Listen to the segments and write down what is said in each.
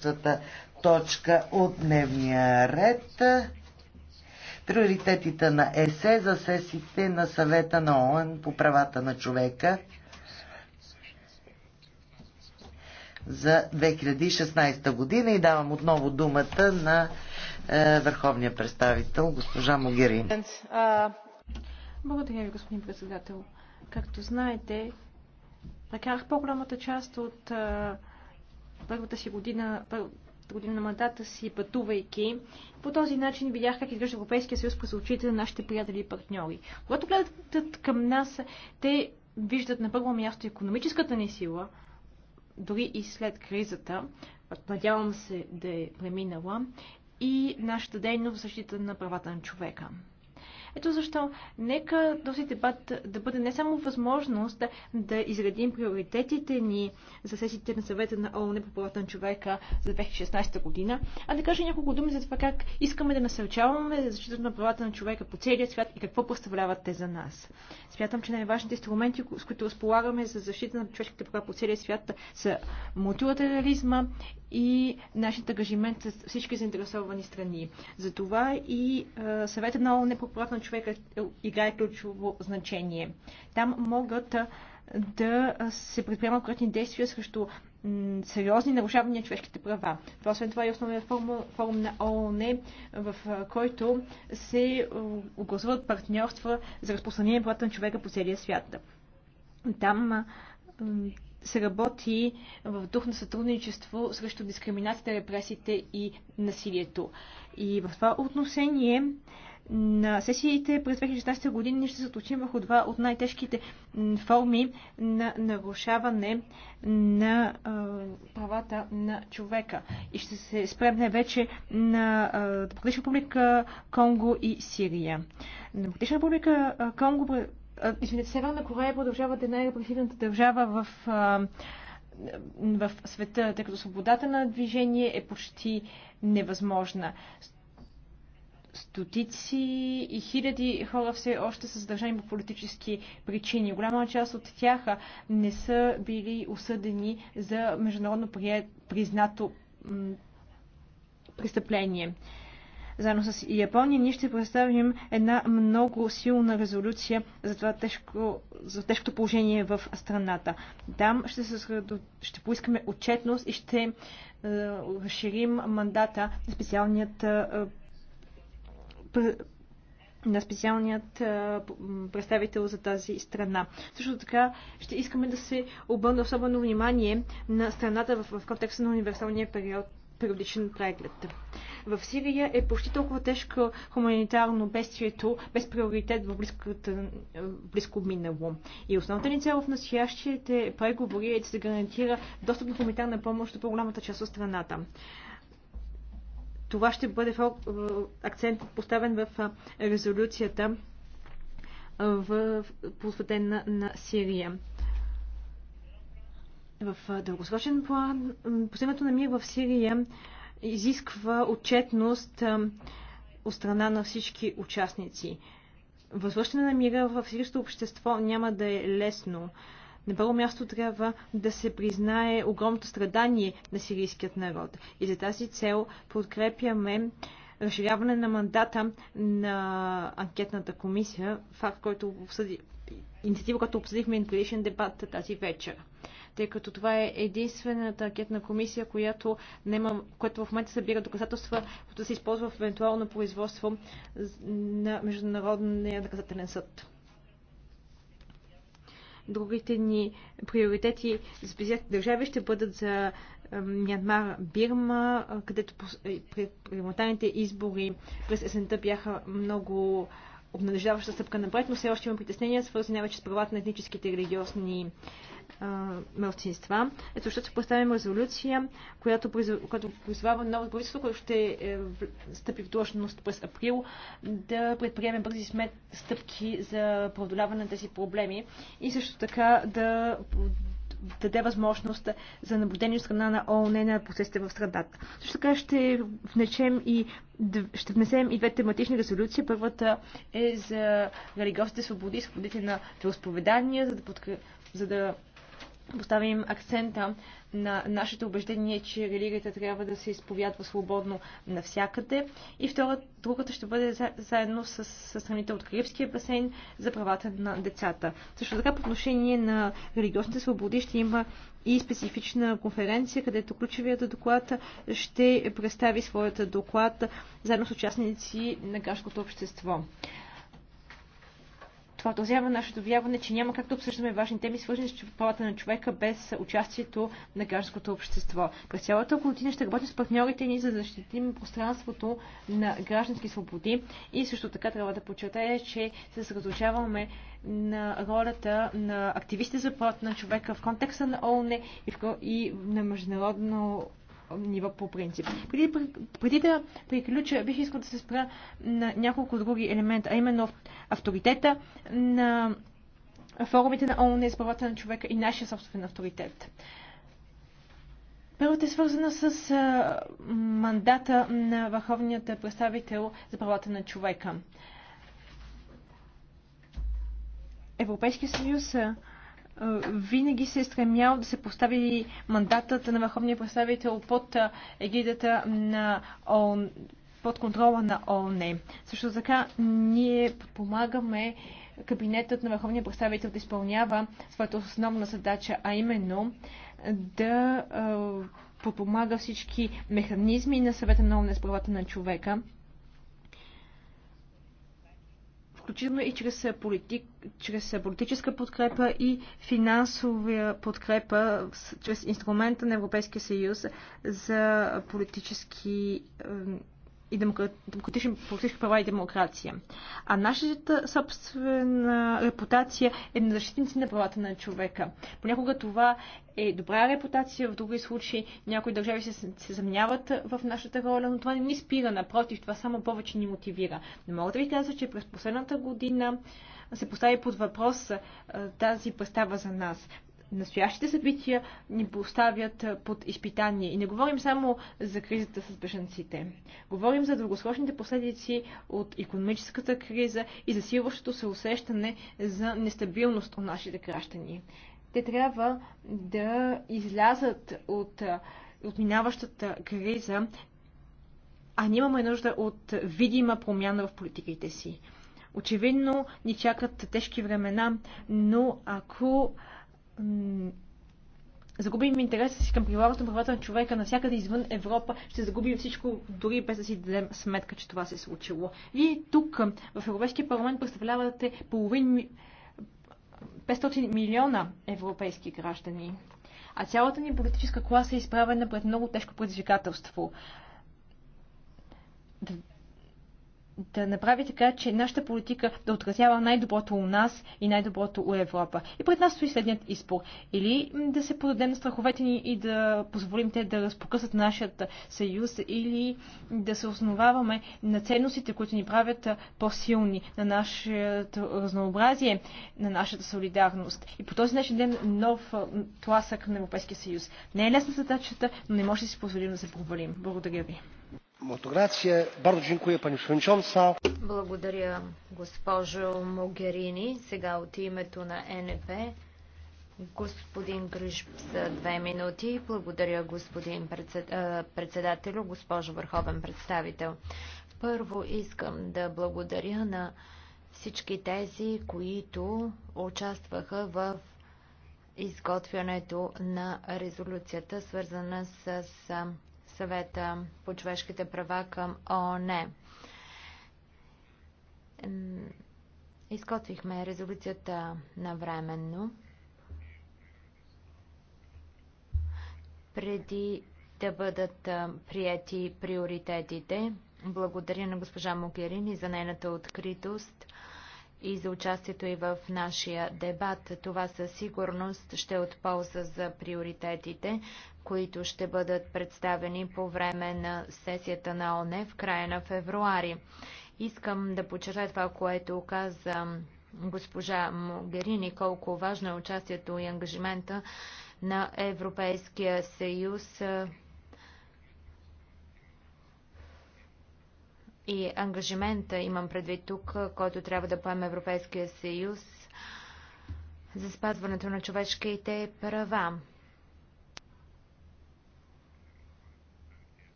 следващата точка от дневния ред. Приоритетите на ЕСЕ за сесиите на съвета на ООН по правата на човека за 2016 година и давам отново думата на е, върховния представител госпожа Могерин. Благодаря ви, господин председател. Както знаете, прекарах по-голямата част от е, първата си година, първата година на мандата си, пътувайки. По този начин видях как изглежда Европейския съюз през очите на нашите приятели и партньори. Когато гледат към нас, те виждат на първо място економическата ни сила, дори и след кризата, надявам се да е преминала, и нашата дейност в защита на правата на човека. Ето защо нека този дебат да бъде не само възможност да изредим приоритетите ни за сесиите на съвета на ООН по правата на човека за 2016 година, а да кажа няколко думи за това как искаме да насърчаваме за защитата на правата на човека по целия свят и какво представляват те за нас. Смятам, че най-важните инструменти, с които разполагаме за защита на човешките права по целия свят са мултилатерализма и нашите ангажимент с всички заинтересовани страни. Затова и съвета на ООН по правата на човека е, играе ключово значение. Там могат да се предприемат конкретни действия срещу сериозни нарушавания на човешките права. Това освен това е основният форум, форум на ООН, в който се огласуват партньорства за разпространение правата на човека по целия свят. Там се работи в дух на сътрудничество срещу дискриминацията, репресиите и насилието. И в това отношение на сесиите през 2016 години ще се случим върху два от най-тежките форми на нарушаване на правата на човека. И ще се спрем вече на Демократична република Конго и Сирия. Демократична република Конго, извинете, Северна Корея продължава да е най-репресивната държава в в света, тъй като свободата на движение е почти невъзможна стотици и хиляди хора все още са задържани по политически причини. Голяма част от тях не са били осъдени за международно признато престъпление. Заедно с Япония ние ще представим една много силна резолюция за това тежко, за тежкото положение в страната. Там ще, се, ще поискаме отчетност и ще е, разширим мандата на специалният е, на специалният представител за тази страна. Също така ще искаме да се обърне особено внимание на страната в, в контекста на универсалния период периодичен преглед. В Сирия е почти толкова тежко хуманитарно бедствието, без приоритет в близката, близко минало. И основната ни цел в настоящите преговори е да се гарантира достъп до хуманитарна помощ до по-голямата част от страната. Това ще бъде е, акцент поставен в е, резолюцията е, в, посветена на Сирия. В дългосрочен план, постигането на мир в Сирия изисква отчетност от страна на всички участници. Възвръщане на мира в сирийското общество няма да е лесно. На първо място трябва да се признае огромното страдание на сирийският народ. И за тази цел подкрепяме разширяване на мандата на анкетната комисия, факт, който обсъди, инициатива, която обсъдихме на предишен дебат тази вечер. Тъй като това е единствената анкетна комисия, която, нема, която в момента събира доказателства, които се използва в евентуално производство на Международния наказателен съд. Другите ни приоритети за близките държави ще бъдат за е, Мянмар, Бирма, е, където парламентарните е, избори през есента бяха много обнадеждаваща стъпка напред, но все още има притеснения, свързани най-вече с правата на етническите и религиозни мълцинства. Ето защото ще поставим резолюция, която, която призвава ново правителство, което ще е, стъпи в длъжност през април, да предприеме бързи смет стъпки за преодоляване на тези проблеми и също така да даде възможност за наблюдение от страна на ООН на процесите в страдата. Също така ще внесем и, ще внесем и две тематични резолюции. Първата е за религиозните свободи свободите на преосповедания, за да, подкр... за да поставим акцента на нашето убеждение, че религията трябва да се изповядва свободно навсякъде. И втора, другата ще бъде за, заедно с, с страните от Карибския басейн за правата на децата. Също така по отношение на религиозните свободи ще има и специфична конференция, където ключовият доклад ще представи своята доклад заедно с участници на гражданското общество. Това отразява нашето вярване, че няма как да обсъждаме важни теми, свързани с правата на човека, без участието на гражданското общество. През цялата година ще работим с партньорите ни, за да защитим пространството на граждански свободи и също така трябва да подчертая, че се съсредоточаваме на ролята на активистите за правата на човека в контекста на ООН и на международно нива по принцип. Преди, преди да приключа, бих искал да се спра на няколко други елемента, а именно авторитета на форумите на ООН с правата на човека и нашия собствен авторитет. Първата е свързана с а, мандата на върховният представител за правата на човека. Европейския съюз винаги се е стремял да се постави мандатът на върховния представител под егидата на ООН, под контрола на ООН. Е. Също така ние подпомагаме кабинетът на върховния представител да изпълнява своята основна задача, а именно да подпомага всички механизми на съвета на ООН с правата на човека включително и чрез, е, политик, чрез е, политическа подкрепа и финансовия подкрепа чрез инструмента на Европейския съюз за политически и демократични политически права и демокрация. А нашата собствена репутация е на защитници на правата на човека. Понякога това е добра репутация, в други случаи някои държави се, се съмняват в нашата роля, но това не ни спира, напротив, това само повече ни мотивира. Не мога да ви кажа, че през последната година се постави под въпрос тази представа за нас настоящите събития ни поставят под изпитание. И не говорим само за кризата с бежанците. Говорим за дългосрочните последици от економическата криза и засилващото се усещане за нестабилност у нашите граждани. Те трябва да излязат от, от минаващата криза, а ние имаме нужда от видима промяна в политиките си. Очевидно ни чакат тежки времена, но ако загубим интереса си към прилагането на правата на човека навсякъде извън Европа, ще загубим всичко, дори без да си дадем сметка, че това се е случило. Вие тук, в Европейския парламент, представлявате половин 500 милиона европейски граждани. А цялата ни политическа класа е изправена пред много тежко предизвикателство да направи така, че нашата политика да отразява най-доброто у нас и най-доброто у Европа. И пред нас стои следният избор. Или да се подадем на страховете ни и да позволим те да разпокъсат нашият съюз, или да се основаваме на ценностите, които ни правят по-силни, на нашето разнообразие, на нашата солидарност. И по този начин дадем нов тласък на Европейския съюз. Не е лесна задачата, но не може да си позволим да се провалим. Благодаря ви. Благодаря, госпожо Могерини. Сега от името на НП господин Гриш за две минути. Благодаря, господин председател, госпожо върховен представител. Първо искам да благодаря на всички тези, които участваха в изготвянето на резолюцията, свързана с съвета по човешките права към ООН. Изготвихме резолюцията навременно. Преди да бъдат прияти приоритетите, благодаря на госпожа Могерини за нейната откритост и за участието и в нашия дебат. Това със сигурност ще е от полза за приоритетите които ще бъдат представени по време на сесията на ОНЕ в края на февруари. Искам да подчертая това, което каза госпожа Могерини, колко важно е участието и ангажимента на Европейския съюз и ангажимента, имам предвид тук, който трябва да поеме Европейския съюз за спазването на човешките права.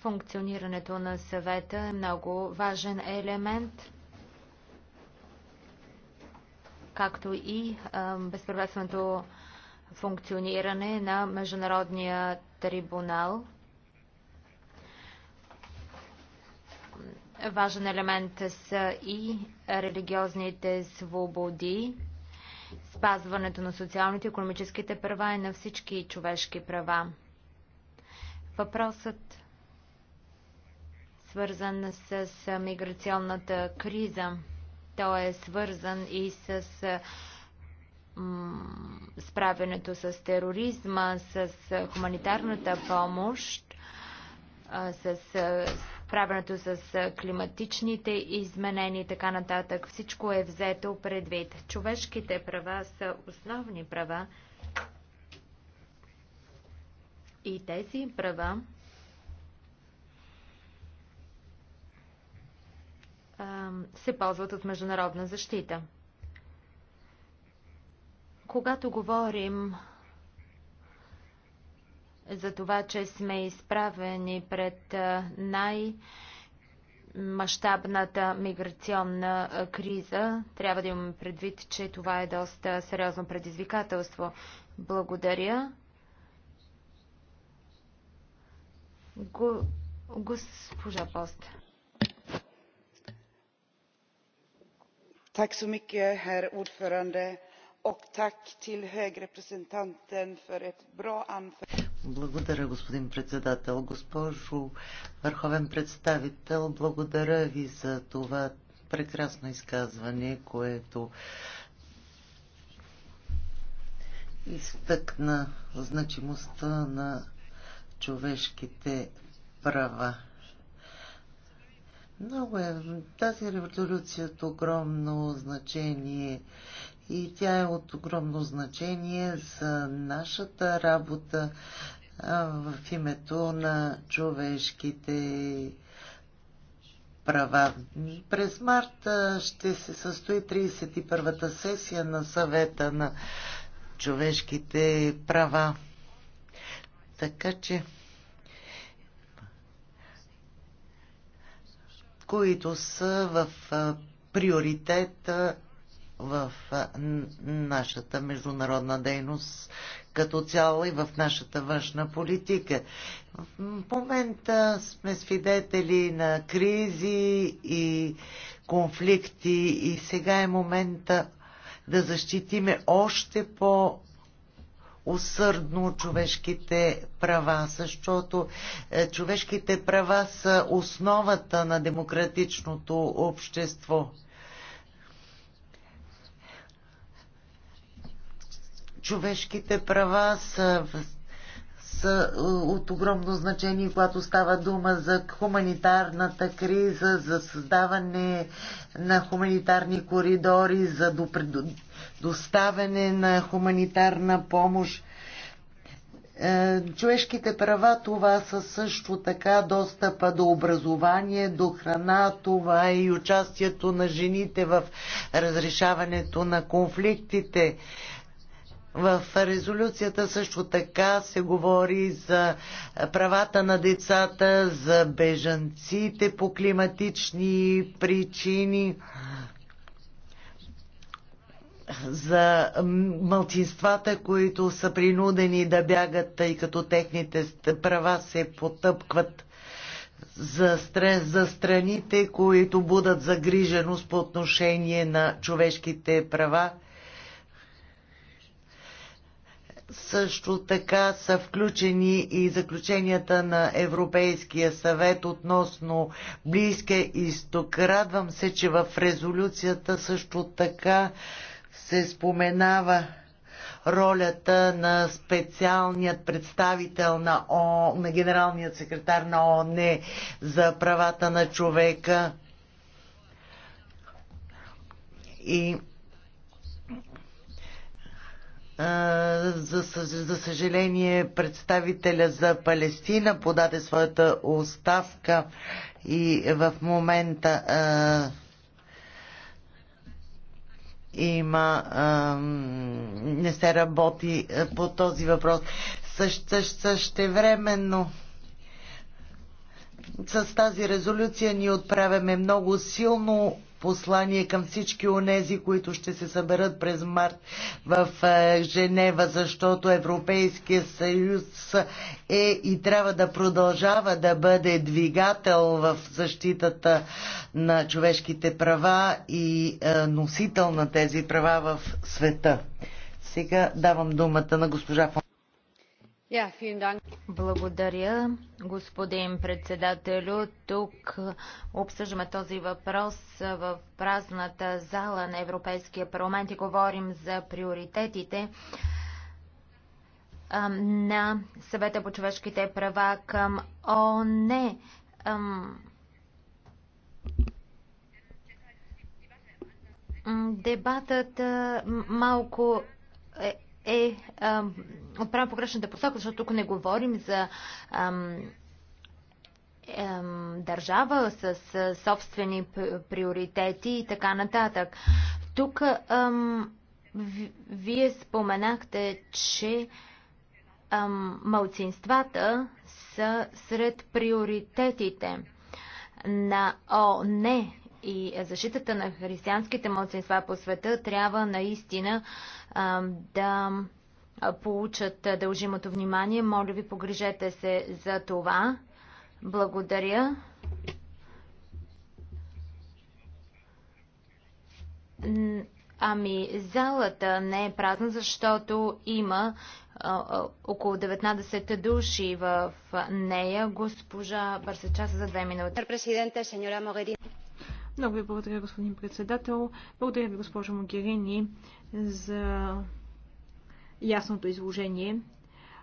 Функционирането на съвета е много важен елемент, както и безпредседателното функциониране на Международния трибунал. Важен елемент са и религиозните свободи, спазването на социалните и економическите права и на всички човешки права. Въпросът свързан с миграционната криза. Той е свързан и с справянето с тероризма, с хуманитарната помощ, с справянето с климатичните изменения и така нататък. Всичко е взето предвид. Човешките права са основни права и тези права се ползват от международна защита. Когато говорим за това, че сме изправени пред най- мащабната миграционна криза. Трябва да имаме предвид, че това е доста сериозно предизвикателство. Благодаря. Госпожа Пост. herr talman! Tack till för ett bra anförande. Благодаря, господин председател. Госпожо върховен представител, благодаря ви за това прекрасно изказване, което изтъкна значимостта на човешките права. Много е. Тази революция е от огромно значение и тя е от огромно значение за нашата работа в името на човешките права. През март ще се състои 31-та сесия на съвета на човешките права. Така че които са в приоритет в нашата международна дейност като цяло и в нашата външна политика. В момента сме свидетели на кризи и конфликти и сега е момента да защитиме още по усърдно човешките права, защото е, човешките права са основата на демократичното общество. Човешките права са са е, от огромно значение, когато става дума за хуманитарната криза, за създаване на хуманитарни коридори, за доставяне на хуманитарна помощ. Е, човешките права това са също така достъпа до образование, до храна, това е и участието на жените в разрешаването на конфликтите. В резолюцията също така се говори за правата на децата, за бежанците по климатични причини, за мълчинствата, които са принудени да бягат, тъй като техните права се потъпкват за, стрес, за страните, които будат загриженост по отношение на човешките права също така са включени и заключенията на Европейския съвет относно Близкия изток. Радвам се, че в резолюцията също така се споменава ролята на специалният представител на, О, на генералният секретар на ООН за правата на човека и за, за съжаление, представителя за Палестина подаде своята оставка и в момента а, има, а, не се работи по този въпрос. Също, същевременно. Също с тази резолюция ние отправяме много силно послание към всички онези, които ще се съберат през март в е, Женева, защото Европейския съюз е и трябва да продължава да бъде двигател в защитата на човешките права и е, носител на тези права в света. Сега давам думата на госпожа благодаря, господин председателю. Тук обсъждаме този въпрос в празната зала на Европейския парламент и говорим за приоритетите на съвета по човешките права към ООН. Дебатът малко е е отправен погрешната посока, защото тук не говорим за държава с собствени приоритети и така нататък. Тук вие споменахте, че малцинствата са сред приоритетите на Оне и защитата на християнските младсинства по света трябва наистина да получат дължимото внимание. Моля ви, погрижете се за това. Благодаря. Ами, залата не е празна, защото има а, а, около 19 души в нея. Госпожа Барсача за две минути. Много ви благодаря, господин председател. Благодаря ви, госпожо Могерини, за ясното изложение.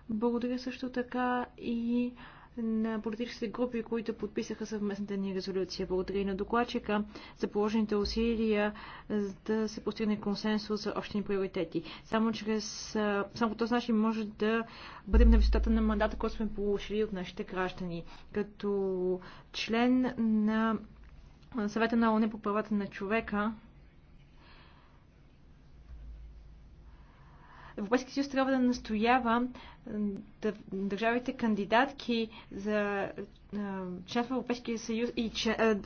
Благодаря също така и на политическите групи, които подписаха съвместната ни резолюция. Благодаря и на докладчика за положените усилия да се постигне консенсус за общи приоритети. Само чрез, само по този начин може да бъдем на висотата на мандата, който сме получили от нашите граждани. Като член на съвета на ОНЕ по правата на човека. Европейския съюз трябва да настоява държавите кандидатки за част в Европейския съюз и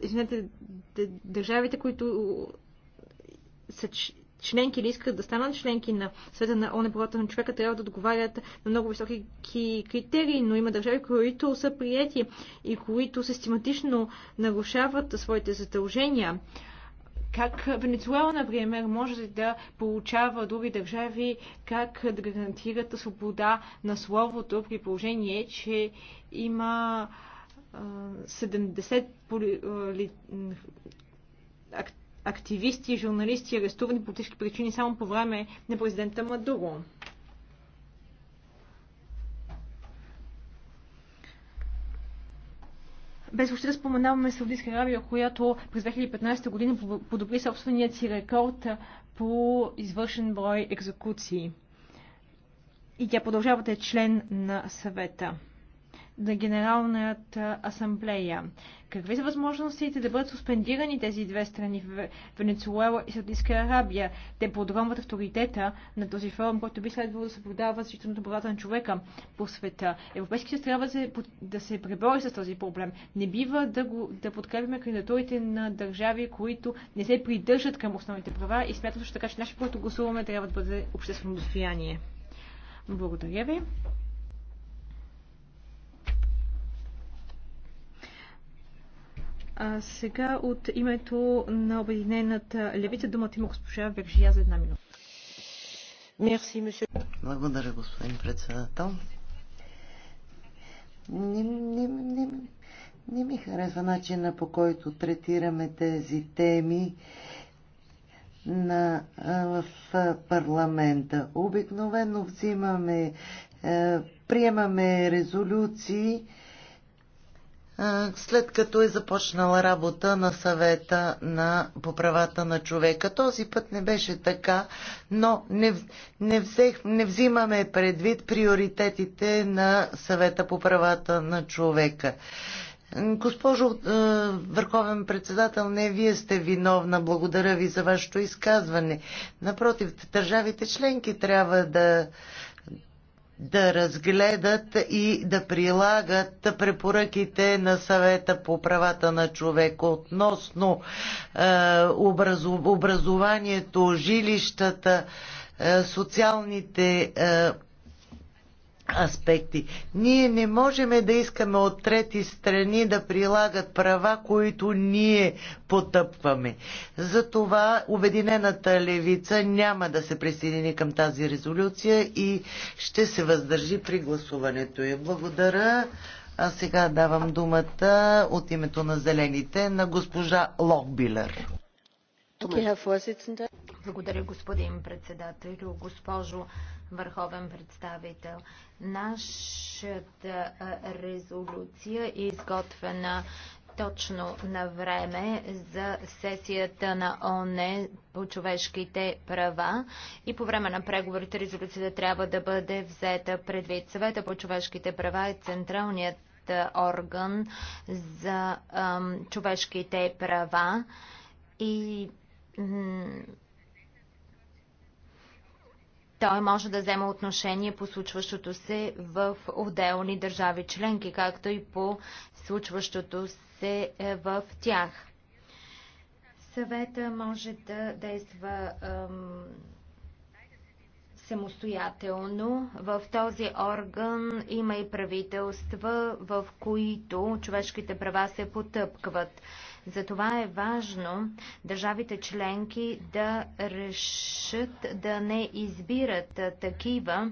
извинете, държавите, които са членки или искат да станат членки на света на ООН правата на човека, трябва да отговарят на много високи критерии, но има държави, които са прияти и които систематично нарушават своите задължения. Как Венецуела, например, може да получава други държави, как да гарантират свобода на словото при положение, че има 70 поли, активисти и журналисти, арестувани по тежки причини само по време на президента Мадуро. Без въобще да споменаваме Саудитска Аравия, която през 2015 година подобри собственият си рекорд по извършен брой екзекуции. И тя продължава да е член на съвета на Генералната асамблея. Какви са възможностите да бъдат суспендирани тези две страни в Венецуела и Саудитска Арабия? Те подромват авторитета на този форум, който би следвало да съблюдава защитното правата на човека по света. Европейските съюз трябва да се, да се пребори с този проблем. Не бива да, го, да подкрепяме кандидатурите на държави, които не се придържат към основните права и смятам че така, че нашето, което гласуваме, трябва да бъде обществено достояние. Благодаря ви. А сега от името на Обединената левица думата има госпожа Вержия за една минута. Мерси, Благодаря, господин председател. Не, не, не, не ми харесва начина по който третираме тези теми на, в парламента. Обикновено взимаме, приемаме резолюции, след като е започнала работа на съвета на, по правата на човека. Този път не беше така, но не, не, взех, не взимаме предвид приоритетите на съвета по правата на човека. Госпожо е, Върховен председател, не вие сте виновна. Благодаря ви за вашето изказване. Напротив, държавите членки трябва да да разгледат и да прилагат препоръките на съвета по правата на човека относно е, образованието, жилищата, е, социалните е, аспекти. Ние не можем да искаме от трети страни да прилагат права, които ние потъпваме. Затова Обединената левица няма да се присъедини към тази резолюция и ще се въздържи при гласуването я. Благодаря. А сега давам думата от името на Зелените на госпожа Локбилер. Благодаря, господин председател, госпожо върховен представител. Нашата резолюция е изготвена точно на време за сесията на ОНЕ по човешките права и по време на преговорите резолюцията трябва да бъде взета предвид. Съвета по човешките права е централният орган за ам, човешките права и той може да взема отношение по случващото се в отделни държави членки, както и по случващото се е, в тях. Съвета може да действа ем, самостоятелно. В този орган има и правителства, в които човешките права се потъпкват. Затова е важно държавите членки да решат да не избират такива,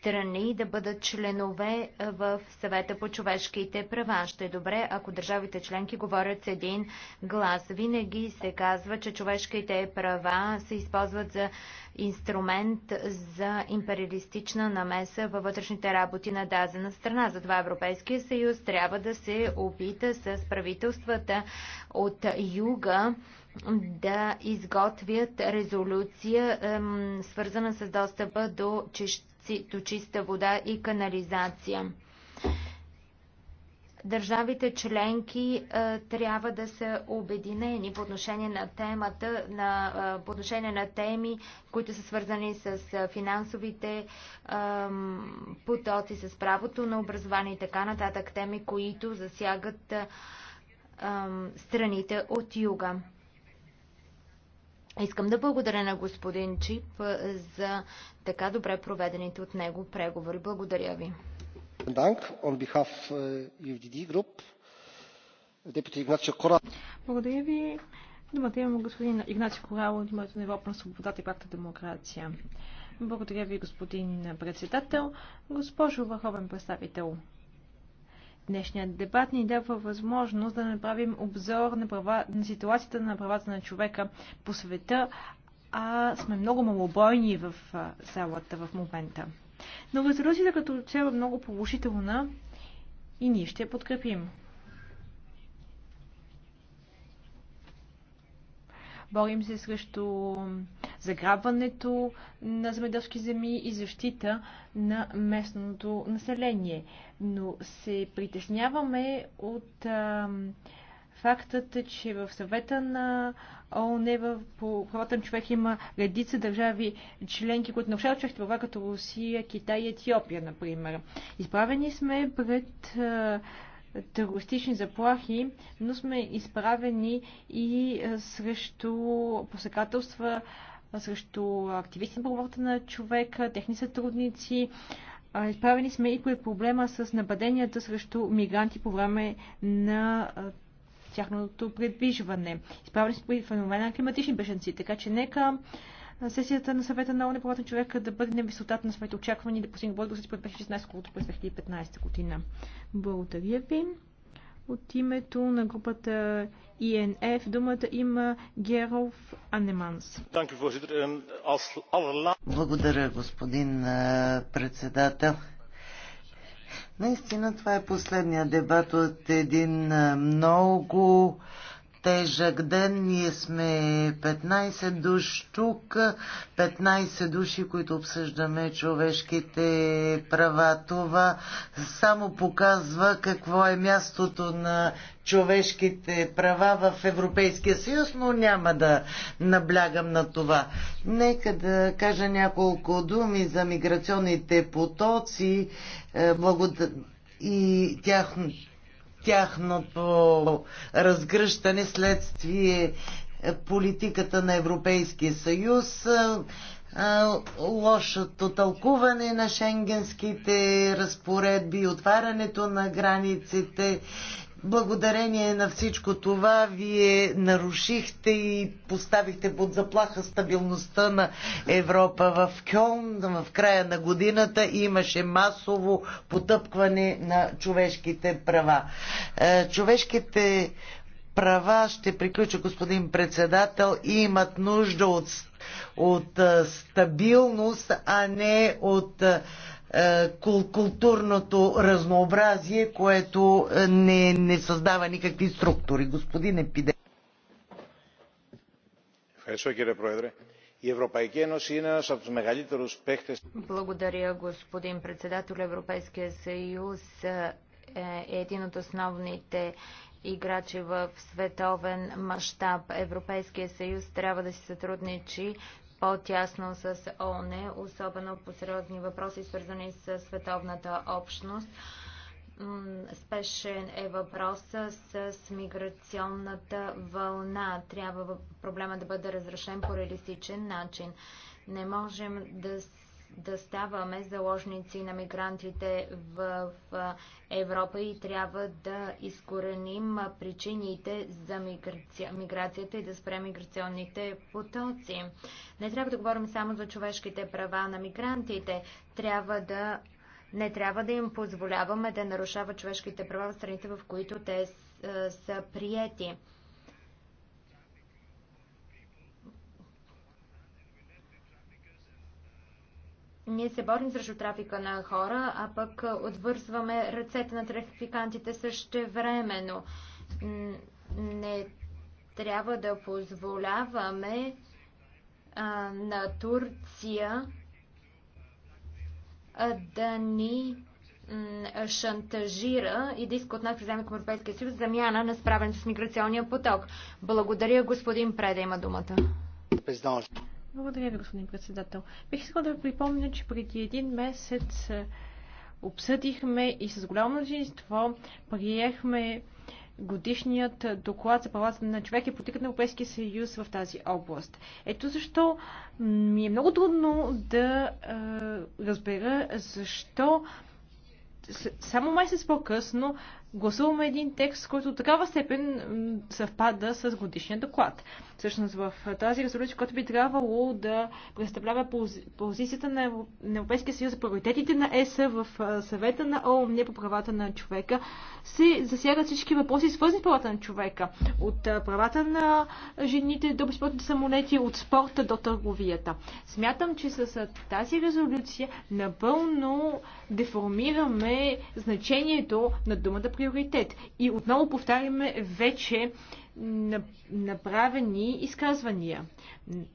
страни да бъдат членове в съвета по човешките права. Ще е добре, ако държавите членки говорят с един глас. Винаги се казва, че човешките права се използват за инструмент за империалистична намеса във вътрешните работи на дадена страна. Затова Европейския съюз трябва да се опита с правителствата от юга да изготвят резолюция, свързана с достъпа до, чиста вода и канализация. Държавите членки а, е, трябва да са обединени по отношение на темата, на, а, е, по отношение на теми, които са свързани с е, финансовите а, потоци, с правото на образование и така нататък, теми, които засягат страните от юга. Искам да благодаря на господин Чип за така добре проведените от него преговори. Благодаря ви. Е, благодаря ви. Думата имам господин Игнатий Корал от името на Европа на свободата и пакта демокрация. Благодаря ви, господин председател. Госпожо Върховен представител, Днешният дебат ни дава възможност да направим обзор на, права, на ситуацията на правата на човека по света, а сме много малобойни в залата в момента. Но резолюцията като цяло е много положителна и ние ще я подкрепим. Борим се срещу заграбването на земеделски земи и защита на местното население. Но се притесняваме от а, фактът, че в съвета на ООН е по правата на човек има редица държави членки, които нарушават човек права, като Русия, Китай и Етиопия, например. Изправени сме пред а, терористични заплахи, но сме изправени и е, срещу посекателства, е, срещу активисти на правата на човека, техни сътрудници. Е, изправени сме и пред проблема с нападенията срещу мигранти по време на тяхното предвижване. Изправени сме и феномена на климатични беженци, така че нека сесията на съвета на ОНЕ правата човека да бъде на висотата на своите очаквания и да постигне българ през 2016, колкото през 2015 година. Благодаря ви. От името на групата ИНФ думата има Геров Анеманс. Благодаря, господин председател. Наистина това е последния дебат от един много тежък ден. Ние сме 15 души тук, 15 души, които обсъждаме човешките права. Това само показва какво е мястото на човешките права в Европейския съюз, но няма да наблягам на това. Нека да кажа няколко думи за миграционните потоци. Е, Благодаря и тях тяхното разгръщане следствие политиката на Европейския съюз, лошото тълкуване на шенгенските разпоредби, отварянето на границите благодарение на всичко това вие нарушихте и поставихте под заплаха стабилността на Европа. В Кьон. в края на годината имаше масово потъпкване на човешките права. Е, човешките права, ще приключа господин председател, имат нужда от, от е, стабилност, а не от е, е, културното разнообразие, което е, не, не създава никакви структури. Господин Епиде. Благодаря, господин председател. Европейския съюз е, е един от основните играчи в световен мащаб. Европейския съюз трябва да си сътрудничи по-тясно с ООН, особено по сериозни въпроси, свързани с световната общност. Спешен е въпроса с миграционната вълна. Трябва проблема да бъде разрешен по реалистичен начин. Не можем да да ставаме заложници на мигрантите в Европа и трябва да изкореним причините за миграция, миграцията и да спрем миграционните потоци. Не трябва да говорим само за човешките права на мигрантите. Трябва да не трябва да им позволяваме да нарушават човешките права в страните, в които те са приети. Ние се борим срещу трафика на хора, а пък отвързваме ръцете на трафикантите също времено. Не трябва да позволяваме а, на Турция а, да ни шантажира и да иска от нас приземе към Европейския съюз замяна на справен с миграционния поток. Благодаря, господин Преда има думата. Благодаря ви, господин председател. Бих искал да ви припомня, че преди един месец е, обсъдихме и с голямо мнозинство приехме годишният доклад за правата на човека и политиката на Европейския съюз в тази област. Ето защо ми е много трудно да е, разбера защо само месец по-късно гласуваме един текст, който от такава степен съвпада с годишния доклад. Всъщност в тази резолюция, която би трябвало да представлява позицията на Европейския съюз за приоритетите на ЕС в съвета на ООН по правата на човека, се засягат всички въпроси, свързани с правата на човека. От правата на жените до безплатните самолети, от спорта до търговията. Смятам, че с тази резолюция напълно деформираме значението на думата приоритет. И отново повтаряме вече направени изказвания.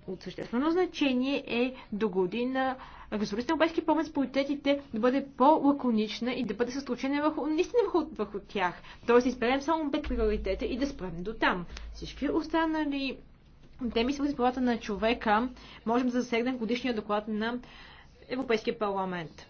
От съществено значение е до година резолюцията на Европейския парламент с приоритетите да бъде по-лаконична и да бъде състрочена върху, наистина върху, върху тях. Тоест да изберем само пет приоритета и да спрем до там. Всички останали теми, свързани с правата на човека, можем да засегнем годишния доклад на Европейския парламент.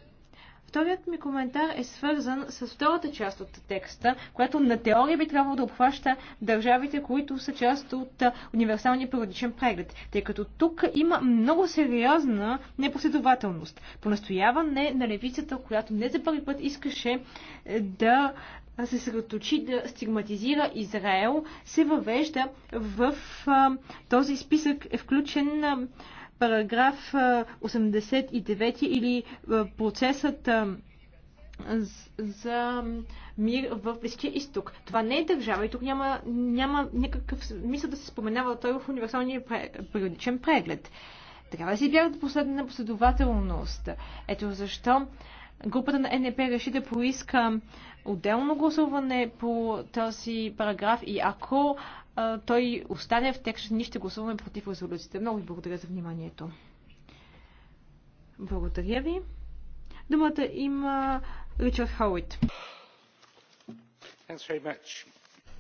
Вторият ми коментар е свързан с втората част от текста, която на теория би трябвало да обхваща държавите, които са част от универсалния периодичен преглед, тъй като тук има много сериозна непоследователност. По настояване на левицата, която не за първи път искаше е, да се съсредоточи да стигматизира Израел, се въвежда в а, този списък е включен а, параграф 89 или процесът за мир в Близкия изток. Това не е държава и тук няма, няма никакъв смисъл да се споменава той е в универсалния периодичен преглед. Трябва да се бягат последна последователност. Ето защо групата на НП реши да поиска отделно гласуване по този параграф и ако той остане в текст, ние ще гласуваме против резолюцията. Много ви благодаря за вниманието. Благодаря ви. Думата има Ричард Хоуит.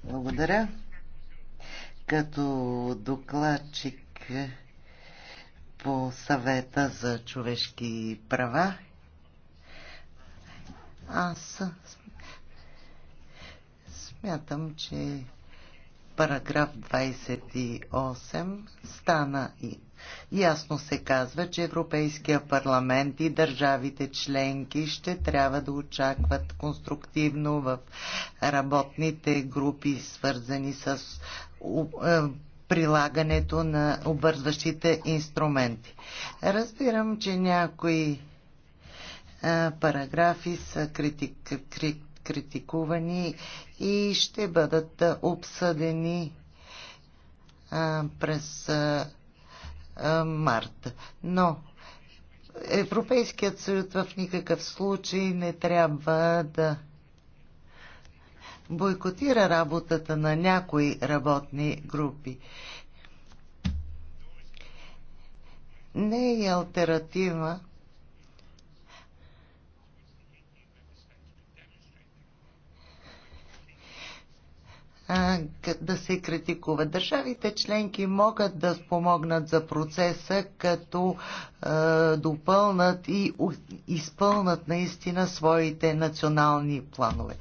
Благодаря. Като докладчик по съвета за човешки права, аз смятам, че параграф 28 стана и ясно се казва, че Европейския парламент и държавите членки ще трябва да очакват конструктивно в работните групи, свързани с е, прилагането на обвързващите инструменти. Разбирам, че някои е, параграфи са критик, критикувани и ще бъдат обсъдени през март. Но Европейският съюз в никакъв случай не трябва да бойкотира работата на някои работни групи. Не е альтернатива да се критикуват. Държавите членки могат да спомогнат за процеса, като допълнат и изпълнат наистина своите национални планове.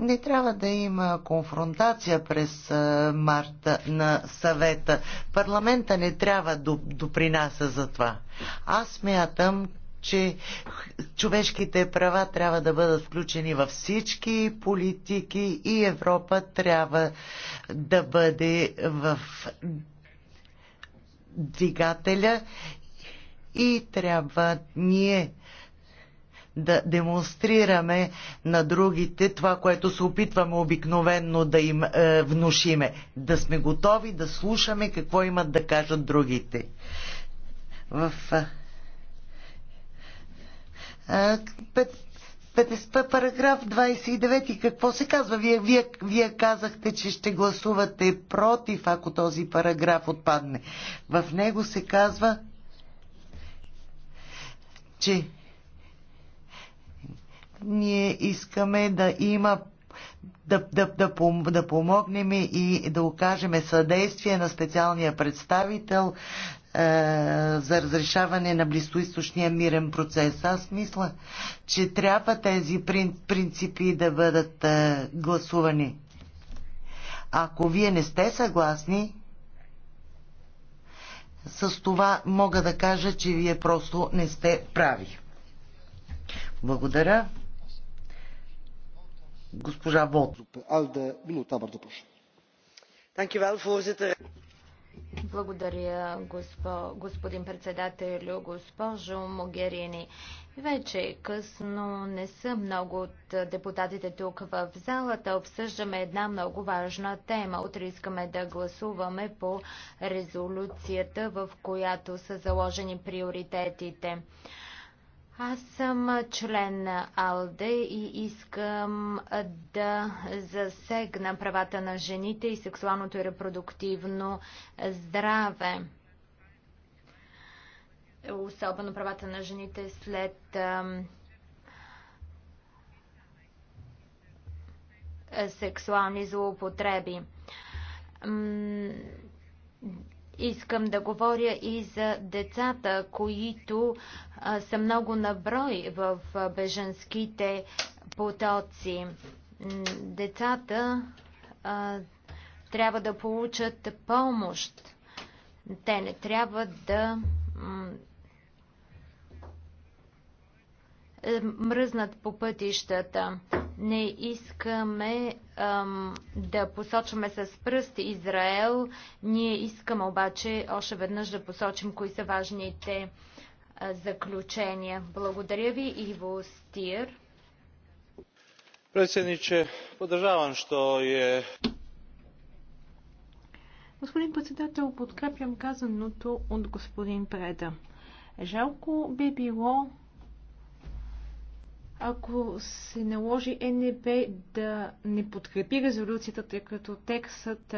Не трябва да има конфронтация през марта на съвета. Парламента не трябва да допринася за това. Аз мятам, че човешките права трябва да бъдат включени във всички политики и Европа трябва да бъде в двигателя и трябва ние да демонстрираме на другите това, което се опитваме обикновенно да им е, внушиме. Да сме готови да слушаме какво имат да кажат другите. В е, Параграф 29, какво се казва? Вие, вие, вие казахте, че ще гласувате против, ако този параграф отпадне. В него се казва, че ние искаме да има да, да, да, пом, да помогнем и да окажем съдействие на специалния представител е, за разрешаване на близкоисточния мирен процес. Аз мисля, че трябва тези принципи да бъдат е, гласувани. Ако вие не сте съгласни, с това мога да кажа, че вие просто не сте прави. Благодаря. Госпожа Вод. Алде, минута, бързо прошу. voorzitter. Благодаря, госпо, господин председателю, госпожо Могерини. Вече е късно, не са много от депутатите тук в залата. Обсъждаме една много важна тема. Утре искаме да гласуваме по резолюцията, в която са заложени приоритетите. Аз съм член на АЛДЕ и искам да засегна правата на жените и сексуалното и репродуктивно здраве. Особено правата на жените след сексуални злоупотреби Искам да говоря и за децата, които са много наброй в беженските потоци. Децата трябва да получат помощ. Те не трябва да е, мръзнат по пътищата. Не искаме ам, да посочваме с пръст Израел. Ние искаме обаче още веднъж да посочим кои са важните а, заключения. Благодаря ви, Иво Стир. Председниче, podržavam що е... Господин председател, подкрепям казаното от господин Преда. Жалко би било ако се наложи НБ да не подкрепи резолюцията, тъй като текстът,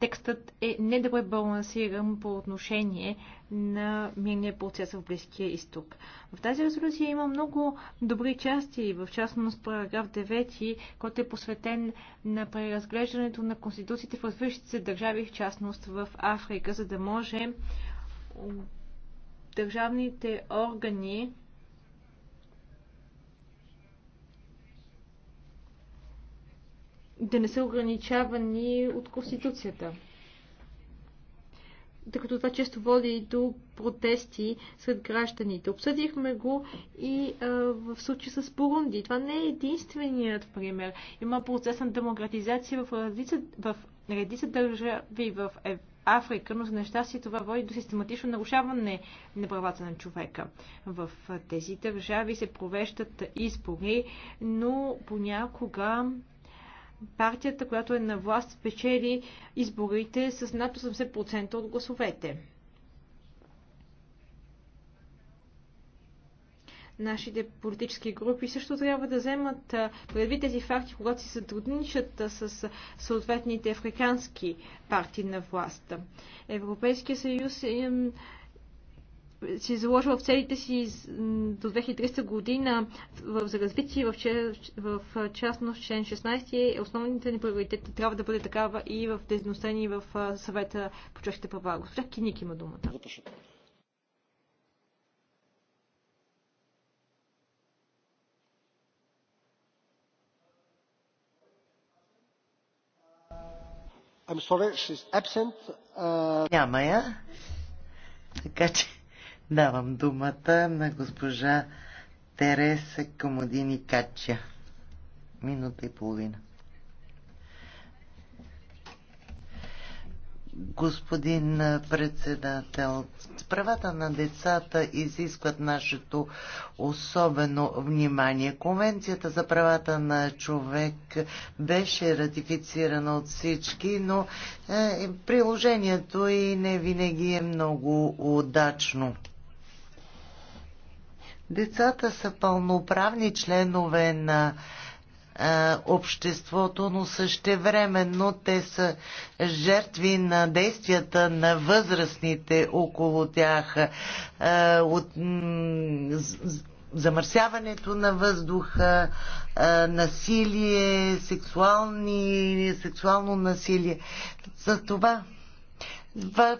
текстът е недобре балансиран по отношение на мирния процес в Близкия изток. В тази резолюция има много добри части, в частност параграф 9, който е посветен на преразглеждането на конституциите в развиващите се държави, в частност в Африка, за да може държавните органи да не са ограничавани от Конституцията. Тъй като това често води и до протести сред гражданите. Обсъдихме го и а, в случай с Бурунди. Това не е единственият пример. Има процес на демократизация в редица, в редица държави в Африка, но за нещастие това води до систематично нарушаване на правата на човека. В тези държави се провеждат избори, но понякога партията, която е на власт, спечели изборите с над 80% от гласовете. Нашите политически групи също трябва да вземат предвид тези факти, когато си сътрудничат с съответните африкански партии на власт. Европейския съюз си заложила в целите си до 2300 година в, за развитие в, частност член 16 е основните ни приоритети трябва да бъде такава и в дейността ни в съвета по човешките права. Госпожа Киник има думата. Sorry, uh... Няма я. Така че Давам думата на госпожа Тереса Комодини Кача. Минута и половина. Господин председател, правата на децата изискват нашето особено внимание. Конвенцията за правата на човек беше ратифицирана от всички, но е, приложението и не винаги е много удачно. Децата са пълноправни членове на е, обществото, но същевременно те са жертви на действията на възрастните около тях. Е, от замърсяването на въздуха, е, насилие, сексуални, сексуално насилие. За това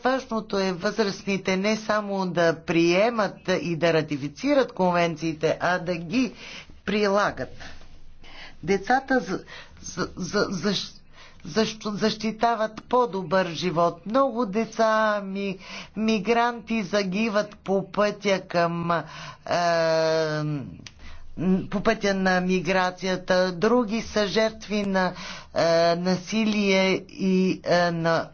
Важното е възрастните не само да приемат и да ратифицират конвенциите, а да ги прилагат. Децата за, за, за, за, защитават по-добър живот. Много деца, ми, мигранти загиват по пътя към е, по пътя на миграцията. Други са жертви на е, насилие и е, на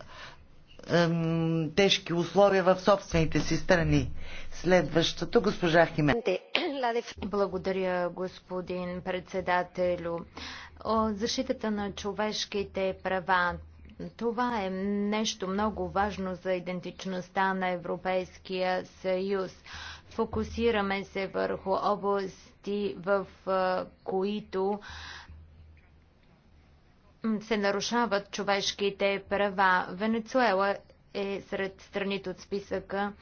тежки условия в собствените си страни. Следващото, госпожа Химен. Благодаря, господин председателю. Защитата на човешките права. Това е нещо много важно за идентичността на Европейския съюз. Фокусираме се върху области, в е, които а, се нарушават човешките права. Венецуела е сред страните от списъка,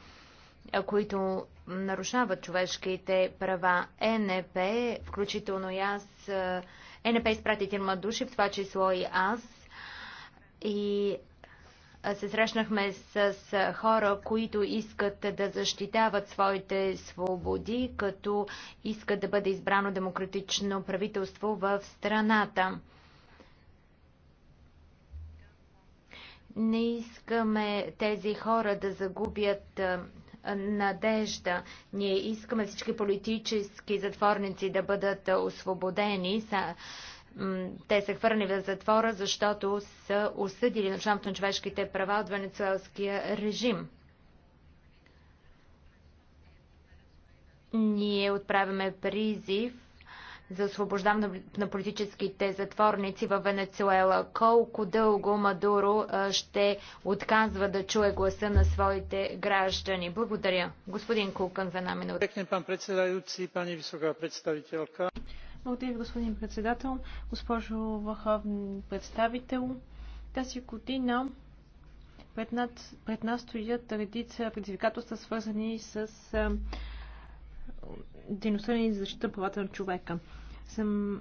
които нарушават човешките права. ЕНП, включително и аз, ЕНП изпрати тирма души, в това число и аз. И се срещнахме с хора, които искат да защитават своите свободи, като искат да бъде избрано демократично правителство в страната. Не искаме тези хора да загубят надежда. Ние искаме всички политически затворници да бъдат освободени. Те са хвърли в затвора, защото са осъдили началото на човешките права от венецуелския режим. Ние отправяме призив за освобождам на политическите затворници в Венецуела. Колко дълго Мадуро ще отказва да чуе гласа на своите граждани? Благодаря. Господин Кулкан за една минута. Благодаря, господин председател. Госпожо Върховен представител, тази година пред, пред нас стоят редица предизвикателства, свързани с дейността ни за защита правата на човека съм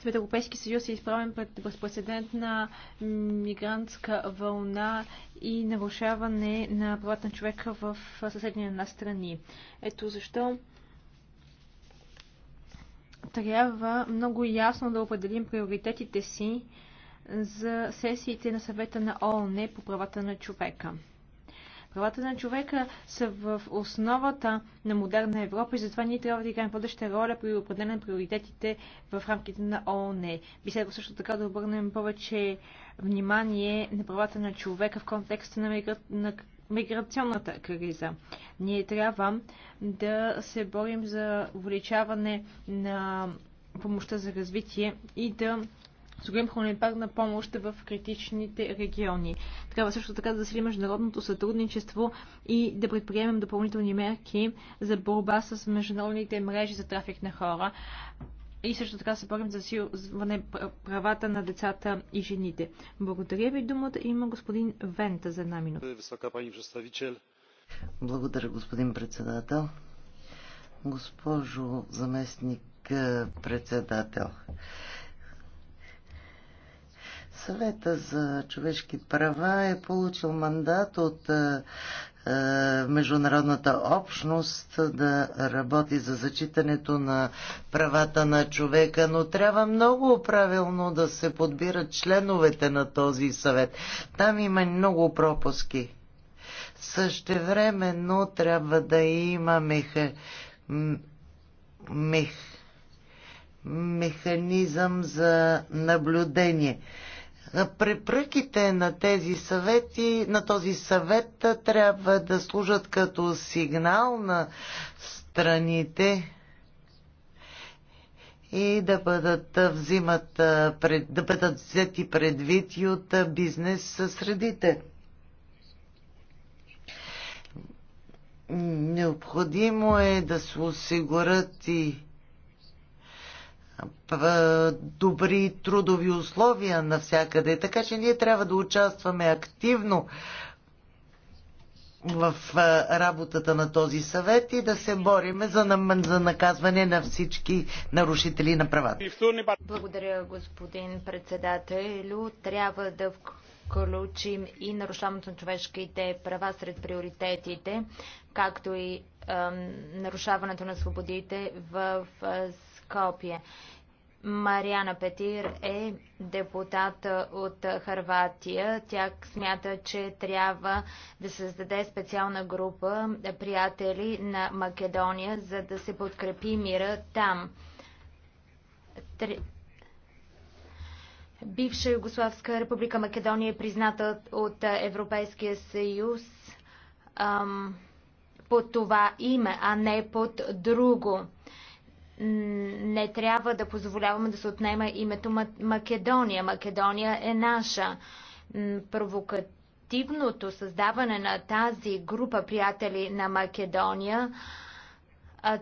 Свет Европейски съюз е изправен пред безпредседентна мигрантска вълна и нарушаване на правата на човека в съседния на страни. Ето защо трябва много ясно да определим приоритетите си за сесиите на съвета на ООН по правата на човека. Правата на човека са в основата на модерна Европа и затова ние трябва да играем водеща роля при определен приоритетите в рамките на ООН. Би следва също така да обърнем повече внимание на правата на човека в контекста на, мигра... на миграционната криза. Ние трябва да се борим за увеличаване на помощта за развитие и да осигурим хуманитарна помощ в критичните региони. Трябва също така да засилим международното сътрудничество и да предприемем допълнителни мерки за борба с международните мрежи за трафик на хора. И също така се борим за засилване правата на децата и жените. Благодаря ви. Думата има господин Вента за една минута. Висока пани представител. Благодаря, господин председател. Госпожо заместник е, председател, Съвета за човешки права е получил мандат от е, е, международната общност да работи за зачитането на правата на човека, но трябва много правилно да се подбират членовете на този съвет. Там има много пропуски. Същевременно трябва да има меха... мех... механизъм за наблюдение. Препръките на тези съвети, на този съвет трябва да служат като сигнал на страните и да бъдат взимат, да бъдат взети предвид и от бизнес средите. Необходимо е да се осигурят и добри трудови условия навсякъде. Така че ние трябва да участваме активно в работата на този съвет и да се бориме за, нам, за наказване на всички нарушители на правата. Благодаря, господин председател. Трябва да включим и нарушаването на човешките права сред приоритетите, както и нарушаването на свободите в Скопие. Мариана Петир е депутат от Харватия. Тя смята, че трябва да създаде специална група приятели на Македония, за да се подкрепи мира там. Три... Бивша Югославска република Македония е призната от Европейския съюз ам, под това име, а не под друго не трябва да позволяваме да се отнема името Македония. Македония е наша. Провокативното създаване на тази група приятели на Македония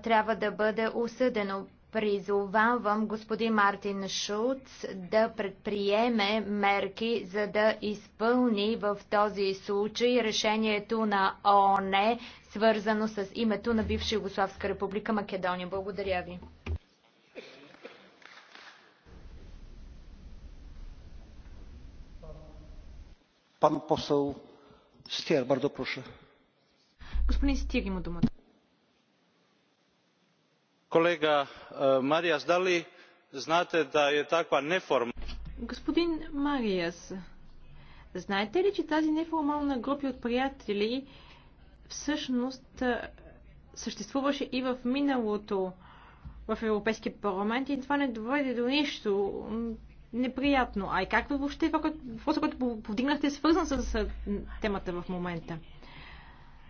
трябва да бъде осъдено. Призовавам господин Мартин Шулц да предприеме мерки, за да изпълни в този случай решението на ООН, свързано с името на бивша Югославска република Македония. Благодаря ви. Пан посъл Стиер, бардо проша. Господин Стиер има думата kolega e, marias da li znate da je takva neformalna Господин Мариас, знаете ли, че тази неформална група от приятели всъщност е, съществуваше и в миналото в Европейския парламент и това не доведе до нищо неприятно. А и как ви въобще въпросът, който повдигнахте, е свързан с темата в момента?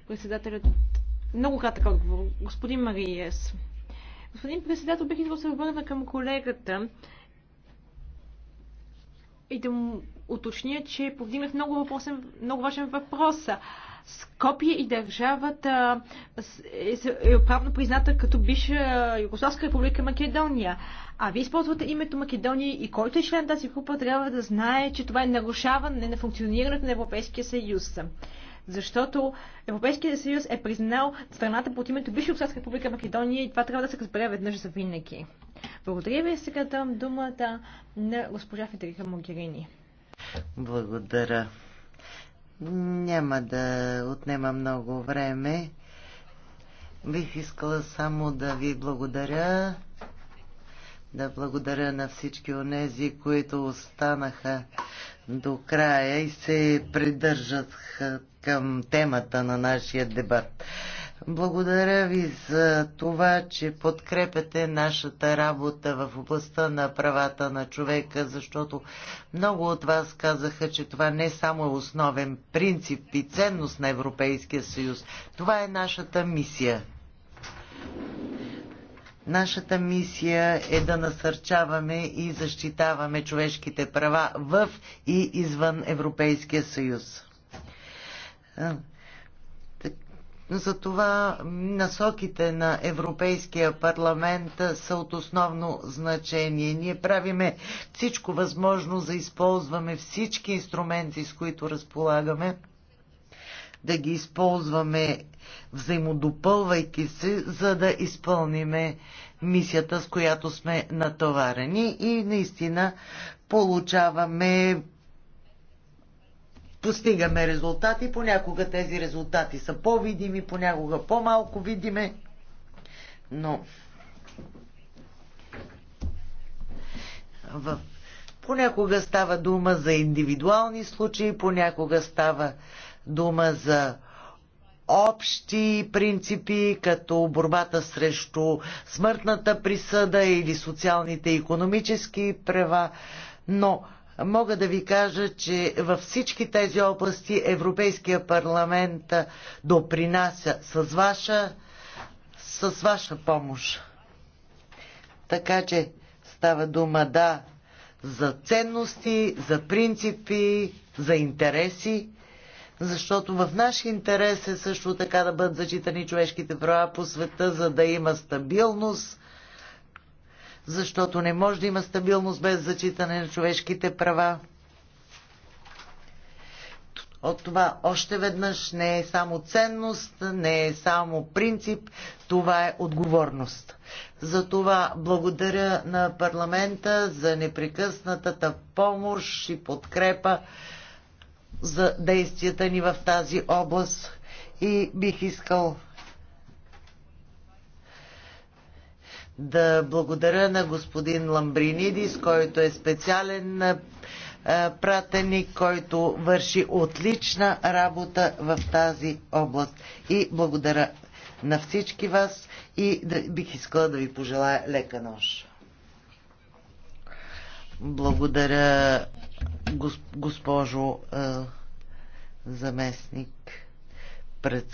Председателят. Много кратък отговор. Господин Мариес. Господин председател, бих искал да се върна към колегата и да му уточня, че повдигнах много, въпросен, много важен въпрос. Скопие и държавата е, е правно призната като бивша Югославска република Македония. А вие използвате името Македония и който е член на тази група трябва да знае, че това е нарушаване на функционирането на Европейския съюз. Защото Европейския съюз е признал страната под името Бивша Обсадска република Македония и това трябва да се разбере веднъж за винаги. Благодаря ви. Сега дам думата на госпожа Федерика Могерини. Благодаря. Няма да отнема много време. Бих искала само да ви благодаря. Да благодаря на всички онези, които останаха до края и се придържат към темата на нашия дебат. Благодаря ви за това, че подкрепяте нашата работа в областта на правата на човека, защото много от вас казаха, че това не е само е основен принцип и ценност на Европейския съюз. Това е нашата мисия. Нашата мисия е да насърчаваме и защитаваме човешките права в и извън Европейския съюз. Затова насоките на Европейския парламент са от основно значение. Ние правиме всичко възможно за използваме всички инструменти, с които разполагаме, да ги използваме взаимодопълвайки се, за да изпълниме мисията, с която сме натоварени и наистина получаваме постигаме резултати. Понякога тези резултати са по-видими, понякога по-малко видими, но в... понякога става дума за индивидуални случаи, понякога става дума за общи принципи, като борбата срещу смъртната присъда или социалните и економически права, но мога да ви кажа, че във всички тези области Европейския парламент допринася с ваша, с ваша помощ. Така че става дума да за ценности, за принципи, за интереси, защото в наш интерес е също така да бъдат зачитани човешките права по света, за да има стабилност, защото не може да има стабилност без зачитане на човешките права. От това още веднъж не е само ценност, не е само принцип, това е отговорност. За това благодаря на парламента за непрекъснатата помощ и подкрепа за действията ни в тази област и бих искал да благодаря на господин Ламбринидис, който е специален пратеник, който върши отлична работа в тази област. И благодаря на всички вас и да, бих искала да ви пожелая лека нощ. Благодаря госпожо е, заместник председател.